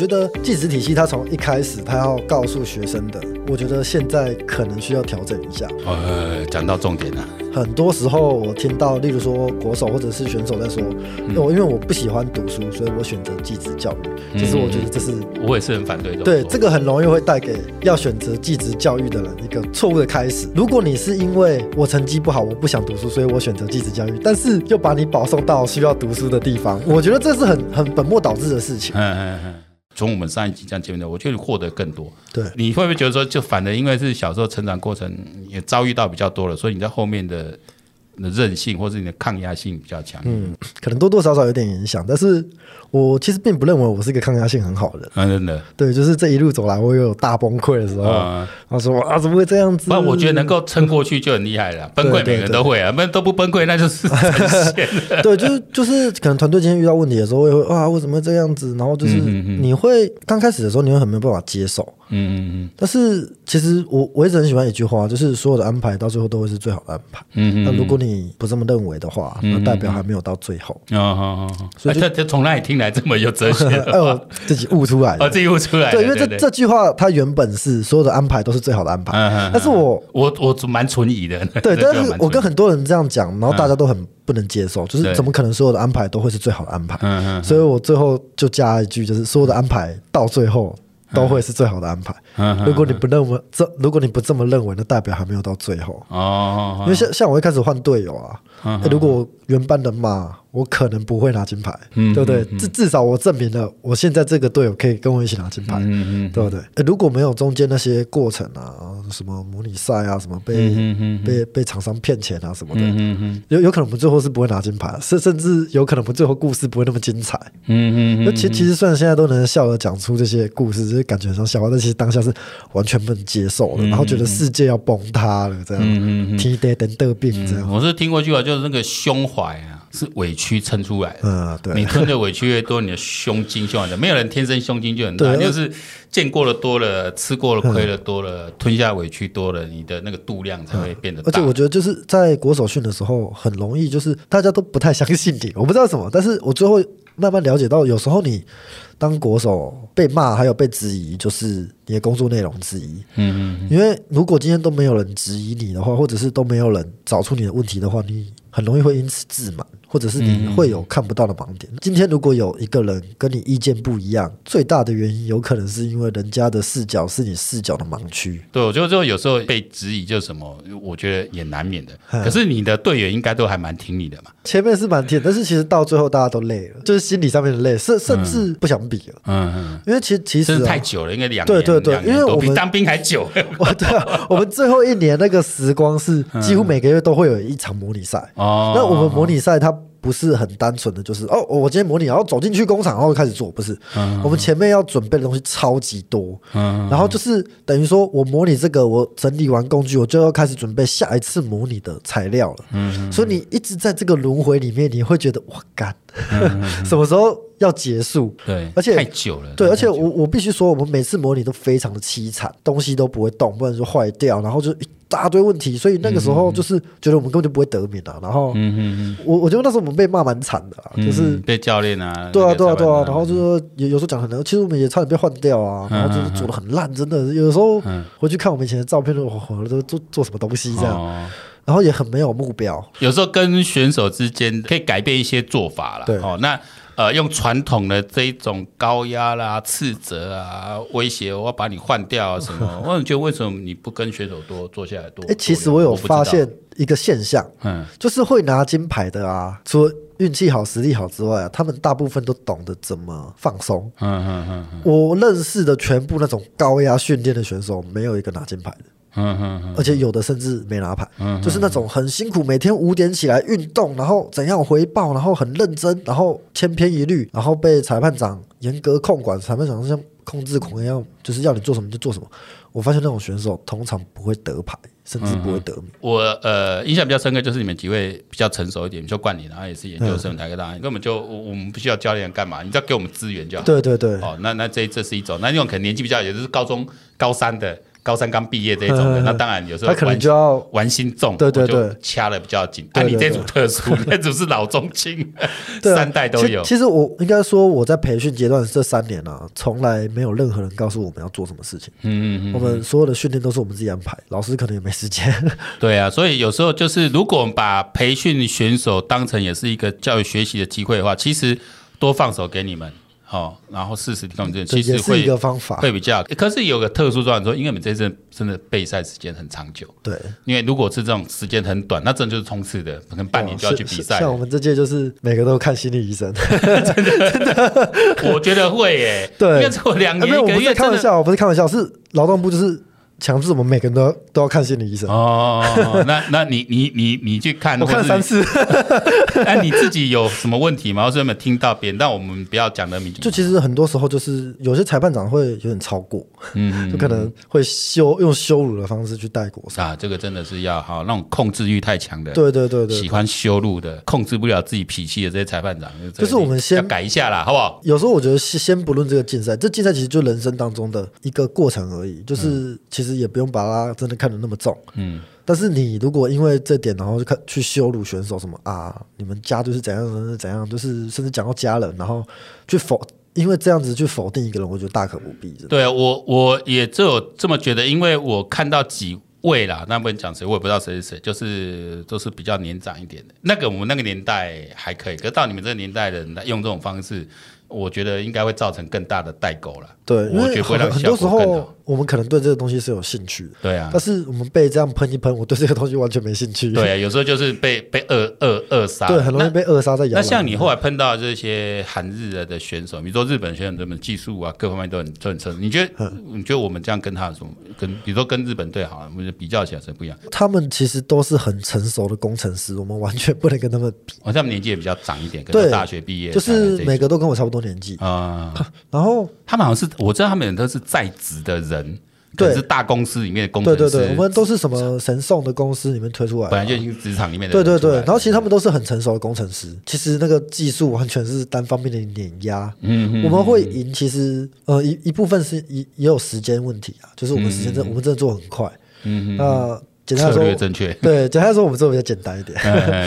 我覺得技職體系，他從一開始他要告訴學生的，我覺得現在可能需要調整一下。呃，講到重點了。很多時候我聽到，例如說國手或者是選手在說，因為我不喜歡讀書，所以我選擇技職教育。其實我覺得這是我也是很反對的。對，這個很容易會帶給要選擇技職教育的人一個錯誤的開始。如果你是因為我成績不好，我不想讀書，所以我選擇技職教育，但是又把你保送到需要讀書的地方，我覺得這是很很本末倒置的事情。嗯嗯嗯。從我們上一集這樣見面的，我覺得你獲得更多。對，你會不會覺得說，就反正因為是小時候成長過程也遭遇到比較多了，所以你在後面的。你的韌性或者你的抗壓性比較強，嗯，可能多多少少有點影響，但是我其實並不認為我是一個抗壓性很好的，人。嗯、啊，對，就是這一路走來，我有大崩潰的時候，啊、他說啊，怎麼會這樣子？那我覺得能夠撐過去就很厲害了，嗯、崩潰每個人都會啊，那都不崩潰那就是， 對，就是就是可能團隊今天遇到問題的時候，我也會啊，為什麼會這樣子？然後就是你會剛、嗯嗯嗯、開始的時候你會很沒有辦法接受，嗯嗯嗯，但是其實我我一直很喜歡一句話，就是所有的安排到最後都會是最好的安排，嗯嗯，那如果你。你不這麼認為的話，那代表還沒有到最後啊、嗯！所以這、哦哦哦哦、從哪裡聽來這麼有哲學、 哎呦自 哦，自己悟出來的啊，自己悟出來。對，因為這對對對這句話它原本是所有的安排都是最好的安排，嗯嗯嗯、但是我我我蠻存疑的，對。但是，我跟很多人這樣講，然後大家都很不能接受、嗯，就是怎麼可能所有的安排都會是最好的安排？嗯嗯,嗯。所以我最後就加一句，就是所有的安排到最後。都會是最好的安排。如果你不認為嘿嘿這，如果你不這麼認為，那代表還沒有到最後。哦哦哦，因為像像我一開始換隊友啊，如果原班人馬。我可能不會拿金牌，嗯、對不對？至、嗯、至少我證明了我現在這個隊友可以跟我一起拿金牌，嗯、對不對、欸？如果沒有中間那些過程啊，什麼模擬賽啊，什麼被、嗯、被被、被廠商騙錢啊什麼的，嗯、有有可能我們最後是不會拿金牌，甚甚至有可能我們最後故事不會那麼精彩。嗯嗯那其其實雖然現在都能笑着講出這些故事，就是感覺很像笑話，但其實當下是完全不能接受的，嗯、然後覺得世界要崩塌了、嗯、這樣。嗯嗯嗯。提得病這樣。嗯、我是聽過一句話，就是那個胸懷啊。是委屈撐出來的。嗯，對。你吞的委屈越多，你的胸襟就很大。 沒有人天生胸襟就很大，就是見過的多了，吃過的虧的多了，嗯，吞下委屈多了，你的那個度量才會變得大。而且我覺得就是在國手訓的時候，很容易就是大家都不太相信你。我不知道什麼，但是我最後慢慢了解到，有時候你當國手被罵，還有被質疑，就是你的工作內容之一。嗯，嗯嗯。因為如果今天都沒有人質疑你的話，或者是都沒有人找出你的問題的話，你很容易會因此自滿。或者是你會有看不到的盲點。今天如果有一個人跟你意見不一樣，最大的原因有可能是因為人家的視角是你視角的盲區。對，我覺得就有時候被質疑就什麼，我覺得也難免的。可是你的隊員應該都還蠻挺你的嘛。前面是蠻挺，但是其實到最後大家都累了， 就是心理上面的累，甚甚至不想比了。嗯嗯，嗯。因為其實其實、啊，太久了，應該兩年對對對比，因為我們當兵還久。我，對啊， 我們最後一年那個時光是幾乎每個月都會有一場模擬賽。哦，嗯。那我們模擬賽他。不是很單純的就是哦，我今天模擬，然後走進去工廠，然後開始做，不是？嗯嗯嗯，我們前面要準備的東西超級多，嗯嗯嗯，然後就是等於說，我模擬這個，我整理完工具，我就要開始準備下一次模擬的材料了。嗯嗯嗯，所以你一直在這個輪迴裡面，你會覺得哇，幹， 什麼時候？要結束，對，而且太久了，對，太太而且我我必須說，我們每次模擬都非常的淒慘，東西都不會動，不然就壞掉，然後就一大堆問題，所以那個時候就是覺得我們根本就不會得名的，啊，然後，嗯嗯我我覺得那時候我們被罵蠻慘的，啊嗯，就是，嗯，被教練啊，對啊對啊對啊，對啊，嗯，然後就說，是，有有時候講很難，其實我們也差點被換掉啊，然後就是做的很爛，真的，有時候，嗯，回去看我們以前的照片，都，哦，都做做什麼東西這樣，哦，然後也很沒有目標，有時候跟選手之間可以改變一些做法啦。對哦，那。呃，用傳統的這一種高壓啦、斥責啊、威脅，我要把你換掉啊什麼？ 我總覺得為什麼你不跟選手多坐下來多？哎、欸，其實我有發現一個現象，嗯，就是會拿金牌的啊，除了運氣好、實力好之外啊，他們大部分都懂得怎麼放鬆。嗯嗯嗯，嗯，我認識的全部那種高壓訓練的選手，沒有一個拿金牌的。嗯嗯嗯，而且有的甚至沒拿牌，嗯，嗯，就是那種很辛苦，每天五點起來運動，嗯嗯，然後怎樣回報，然後很認真，然後千篇一律，然後被裁判長嚴格控管，裁判長像控制狂一樣，就是要你做什麼就做什麼。我發現那種選手通常不會得牌，甚至不會得、嗯嗯、我呃印象比較深刻就是你們幾位比較成熟一點，說冠霖，然後也是研究生、台科大，根本就我們不需要教練幹嘛，你只要給我們資源就好。對對對。哦，那那這這是一種，那那種可能年紀比較也就是高中高三的。高三剛畢業這一種的、嗯，那當然有時候他可能就要玩心重，對對對，掐得比較緊。但、啊、你這組特殊，這組是老中青、 啊、三代都有。其實，其實我應該說，我在培訓階段這三年呢、啊，從來沒有任何人告訴我們要做什麼事情。嗯嗯，嗯，嗯我們所有的訓練都是我們自己安排，老師可能也沒時間。 對啊，所以有時候就是，如果我們把培訓選手當成也是一個教育學習的機會的話，其實多放手給你們。哦，然後四十這樣其實會對，是一個方法會比較，可是有個特殊狀況說，說因為我們這次真的備賽時間很長久，對，因為如果是這種時間很短，那真的就是衝刺的，可能半年就要去比賽、哦。像我們這屆就是每個都看心理醫生， 真的 真的，我覺得會耶、欸，對，要做兩年個。啊、我不我不是開玩笑，我不是開玩笑，是勞動部就是。強制我們每個人都要都要看心理醫生哦，哦，哦，哦。 那那你你你你去看？我看三次。 哎，你自己有什麼問題嗎？或是你們聽到別人？但我們不要講的明。就其實很多時候就是有些裁判長會有點超過，嗯，嗯，嗯，就可能會羞用羞辱的方式去帶過。啊，這個真的是要好、哦、那種控制慾太強的，對對對對，喜歡羞辱的、對對對對控制不了自己脾氣的這些裁判長，就是我們先要改一下啦，好不好？有時候我覺得先先不論這個競賽，這競賽其實就是人生當中的一個過程而已，就是、嗯、其實。其實也不用把它真的看得那麼重，嗯。但是你如果因為這點，然後就看去羞辱選手什麼啊，你們家就是怎樣、就是、怎樣，就是甚至講到家人，然後去否，因為這樣子去否定一個人，我覺得大可不必。對啊，我我也只有這麼覺得，因為我看到幾位啦，那不講誰，我也不知道誰是誰，就是都是比較年長一點的。那個我們那個年代還可以，可是到你們這個年代的人來用這種方式，我覺得應該會造成更大的代溝了。對，我覺得會很多時候。我們可能對這個東西是有興趣，對啊，但是我們被這樣噴一噴，我對這個東西完全沒興趣。對、啊， 有時候就是被被扼扼扼殺，對，很容易被扼、呃、殺在搖籃。那像你後來碰到這些韓日的選手，比如說日本選手，他們技術啊各方面都很都很成熟。你覺得、嗯、你覺得我們這樣跟他有什麼？跟比如說跟日本隊好、啊，我們就比較起來是不一樣。他們其實都是很成熟的工程師，我們完全不能跟他們比。好、哦、像年紀也比較長一點，跟大學畢業就是每個都跟我差不多年紀啊、嗯。然後他們好像是我知道他們都是在職的人。對，是大公司裡面的工程師。對，對對對，我們都是什麼神送的公司裡面推出來、啊，本來就一個職場裡面的、的。對對對，然後其實他們都是很成熟的工程師。其實那個技術完全是單方面的碾壓。嗯嗯。我們會贏，其實呃一一部分是也也有時間問題啊，就是我們時間真的、嗯、我們真的做很快。嗯嗯。啊、呃，簡單來說，正確。對，簡單來說，我們做比較簡單一點。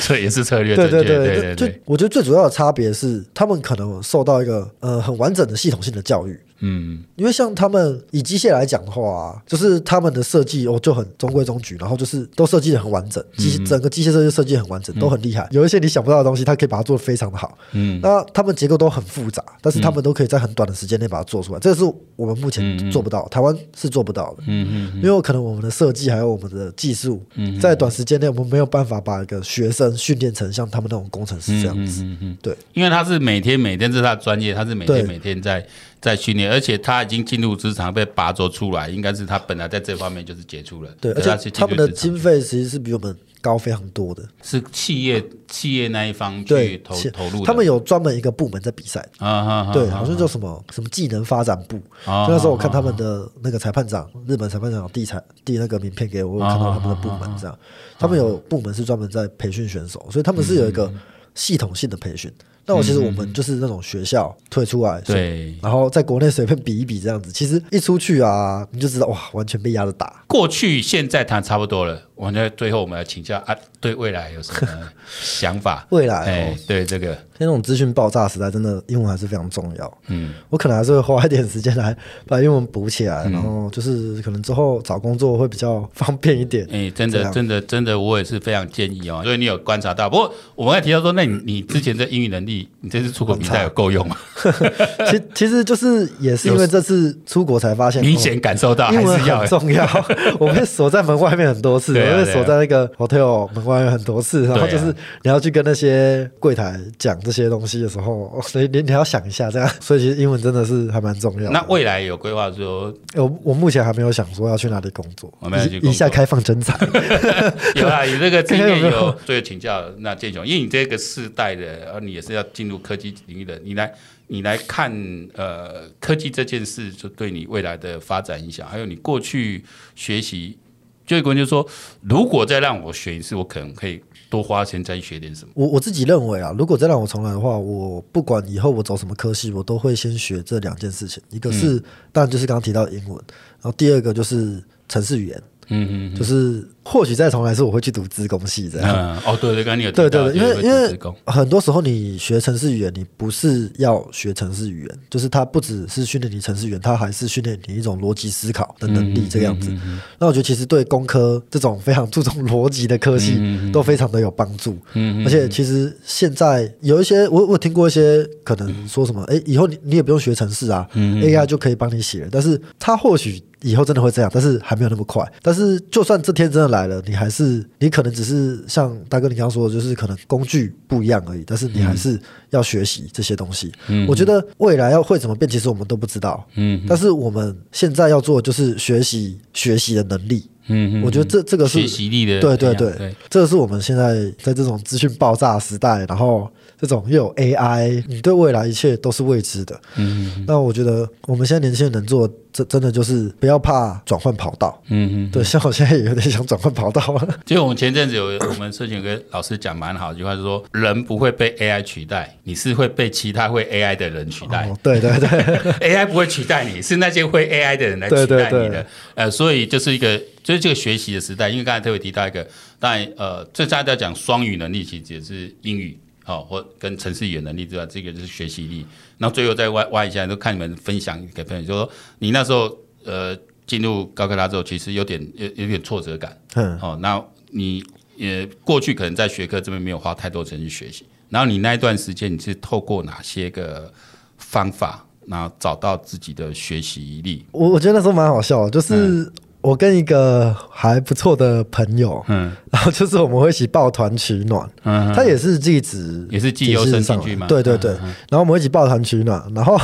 這、 嗯、也是策略 對對對，就對、對、對，就我覺得最主要的差別是，他們可能受到一個呃很完整的系統性的教育。嗯，因為像他們以機械來講的話、啊，就是他們的設計哦就很中規中矩，然後就是都設計的很完整，機、嗯、整個機械設計設計很完整、嗯，都很厲害。有一些你想不到的東西，他可以把它做的非常的好。嗯，那他們結構都很複雜，但是他們都可以在很短的時間內把它做出來，這是我們目前做不到，嗯、台灣是做不到的。嗯嗯，嗯，嗯，因為可能我們的設計還有我們的技術、嗯嗯，在短時間內我們沒有辦法把一個學生訓練成像他們那種工程師這樣子。嗯嗯，嗯，嗯對，因為他是每天每天這是他的專業，他是每天每天在、嗯、在訓練。而且他已經進入職場被拔擢出來，應該是他本來在這方面就是傑出的。對，而且他們的經費其實是比我們高非常多的。是企業、啊、企業那一方去投入。他們有專門一個部門在比賽。啊哈啊哈啊哈，對，好像叫什麼啊哈啊哈什麼技能發展部。啊哈啊哈啊哈就那時候我看他們的那個裁判長，啊哈啊哈啊哈日本裁判長遞才遞那個名片給我，我有看到他們的部門這樣。啊哈啊哈他們有部門是專門在培訓選手，所以他們是有一個系統性的培訓。嗯嗯那我其實我們就是那種學校退出來，對，然後在國內隨便比一比這樣子。其實一出去啊，你就知道哇，完全被壓着打。過去現在談差不多了，我覺得最後我們要請教啊，對未來有什麼想法？ 未來，哎、欸哦，對這個在那種資訊爆炸時代，真的英文還是非常重要。嗯，我可能還是會花一點時間來把英文補起來、嗯，然後就是可能之後找工作會比較方便一點。哎、欸，真的，真的，真的，我也是非常建議哦。所以你有觀察到，不過我剛才提到說，那你你之前的英語能力。你這次出國比賽有夠用嗎？呵呵其其實就是也是因為這次出國才發現、喔，明顯感受到很還是要重、欸、要。我會鎖在門外面很多次，因為鎖在那個 hotel 門外面很多次，然後就是你要去跟那些櫃台講這些東西的時候，所以、啊、你你,你要想一下這樣。所以其實英文真的是還蠻重要。那未來有規劃說，我我目前還沒有想說要去哪裡工作，我們一下開放偵查。 有啊啦， 有這個經驗有，所以請教那建雄，因為你這個世代的，而你也是要。進入科技領域的，你來，你來看，呃，科技這件事就對你未來的發展影響，還有你過去學習，有關鍵就是說，如果再讓我學一次，我可能可以多花錢再學點什麼。我我自己認為啊，如果再讓我重來的話，我不管以後我走什麼科系，我都會先學這兩件事情，一個是、嗯、當然就是剛剛提到的英文，然後第二個就是程式語言。嗯嗯，就是。或許再重來是我會去讀資工系這樣。嗯、哦，對對，對，跟你有對，對對對，因為因為很多時候你學程式語言，你不是要學程式語言，就是它不只是訓練你程式語言，它還是訓練你一種邏輯思考的能力這樣子、嗯嗯嗯嗯。那我覺得其實對工科這種非常注重邏輯的科系都非常的有幫助、嗯嗯嗯嗯。而且其實現在有一些我我聽過一些可能說什麼，哎、嗯欸，以後你你也不用學程式啊、嗯嗯、，AI 就可以幫你寫了。但是它或許以後真的會這樣，但是還沒有那麼快。但是就算這天真的來了，你還是你可能只是像大哥你剛剛說的，就是可能工具不一樣而已，但是你還是要學習這些東西。嗯。我覺得未來要會怎麼變，其實我們都不知道。嗯，但是我們現在要做的就是學習學習的能力。嗯哼，我覺得這這個是學習力的，對對對、哎、對，這是我們現在在這種資訊爆炸時代，然後這種又有 AI，你對未來一切都是未知的。嗯嗯。那我覺得我們現在年輕人能做的，真真的就是不要怕轉換跑道。嗯嗯。對，像我現在也有點想轉換跑道了。嗯、就我們前陣子有 我們社群有個老師講蠻好一句話，就說人不會被 AI 取代，你是會被其他會 AI 的人取代。哦、對對對 ，AI 不會取代你，是那些會 AI 的人來取代你的。對對對，呃，所以就是一個。所以這個學習的時代，因為剛才特別提到一個，當然呃，最大家講雙語能力，其實也是英語，哦，或跟程式語言能力之外，這個就是學習力。然後最後再挖歪，歪一下，就看你們分享給朋友，就說你那時候呃進入高科大之後，其實有點有有點挫折感，嗯，哦，那你也過去可能在學科這邊沒有花太多精力學習，然後你那一段時間你是透過哪些個方法，然後找到自己的學習力？我我覺得那時候蠻好笑的，就是、嗯。我跟一個還不錯的朋友，嗯，然後就是我們會一起抱團取暖，嗯，嗯，他也是技職，也是技優生升上去嗎？對對對，嗯嗯嗯，然後我們一起抱團取暖，然後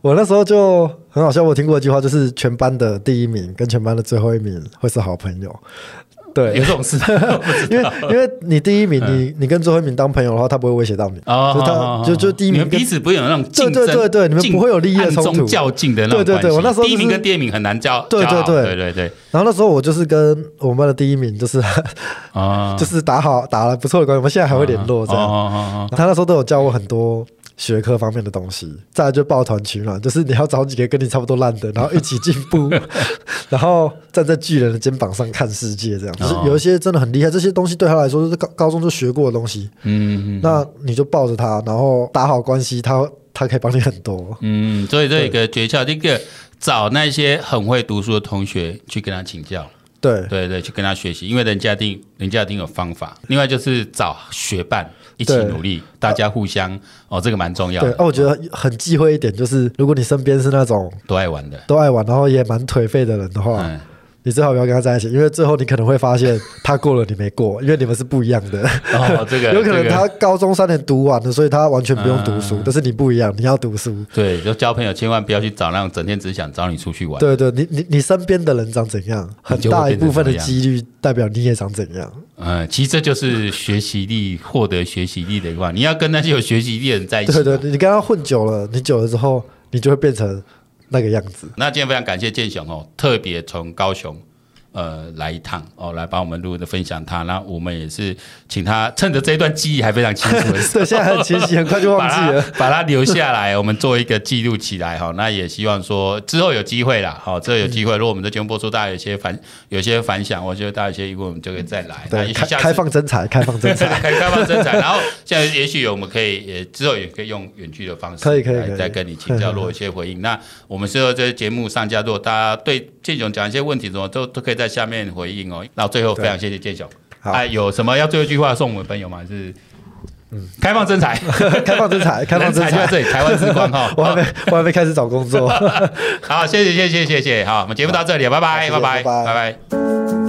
我那時候就很好笑，我聽過一句話，就是全班的第一名跟全班的最後一名會是好朋友。對，有這種事， 因為因為你第一名，你你跟最後一名當朋友的話，他不會威脅到你。哦，他就就第一名你彼此不會有那種，對對對對，你們不會有利益的衝突、較勁的那種關係，對對對，我那時候、就是、第一名跟第二名很難交對對對，交好。對對對，然後那時候我就是跟我們班的第一名，就是啊， 就是打好打了不錯的關係，我們現在還會聯絡。這樣，哦哦哦哦、他那時候都有教我很多。學科方面的東西，再來就抱團取暖，就是你要找幾個跟你差不多爛的，然後一起進步， 然後站在巨人的肩膀上看世界，這樣子。子、哦，就是，有一些真的很厲害，這些東西對他來說是高高中就學過的東西。嗯，嗯那你就抱着他，然後打好關係，他他可以幫你很多。嗯，所以這一個訣竅，這個找那些很會讀書的同學去跟他請教。對對對，去跟他學習，因為人家一定人家一定有方法。另外就是找學伴一起努力，大家互相、呃、哦，這個蠻重要的。那、哦、我覺得很忌諱一點就是，如果你身邊是那種都愛玩的，都愛玩，然後也蠻頹廢的人的話。嗯你最好不要跟他在一起，因為最後你可能會發現他過了你沒過， 因為你們是不一樣的。哦、這個 有可能他高中三年讀完了，所以他完全不用讀書，嗯、但是你不一樣，你要讀書。對，就交朋友千萬不要去找那樣整天只想找你出去玩。對，對你你你身邊的人長怎樣，這樣，很大一部分的幾率代表你也長怎樣。嗯，其實這就是學習力，獲得學習力的一，你要跟那些有學習力的人在一起。對對，你跟他混久了，你久了之後，你就會變成。那個樣子，那今天非常感謝建雄哦，特別從高雄。呃，來一趟哦，來幫我們錄的分享他，那我們也是請他趁着這一段記憶還非常清楚， 對，現在很清晰， 很快就忘記了，把它留下來， 我們做一個記錄起來哈、哦。那也希望說之後有機會啦，好、哦，之後有機會，嗯、如果我們的節目播出，大家有些反有些反響，我覺得大家有些疑問我們就可以再來，開開放徵才，開放徵才，開放徵才。 真 然後現在也許我們可以也之後也可以用遠距的方式，可以可以，可以再跟你請教， 如果一些回應。 那我們最後這節目上架，如果大家對建雄講一些問題什麼，都都可以。在下面回應哦，那最後非常謝謝建雄，哎、啊，有什麼要最後一句話送我們朋友嗎？還是，嗯、開，放 開放徵才，開放徵才，開放徵才在這裡，台灣之光哈， 我還沒、哦，我還沒開始找工作， 好，謝謝謝謝謝謝，好，我們節目到這裡，拜拜拜拜拜拜。拜拜拜拜拜拜。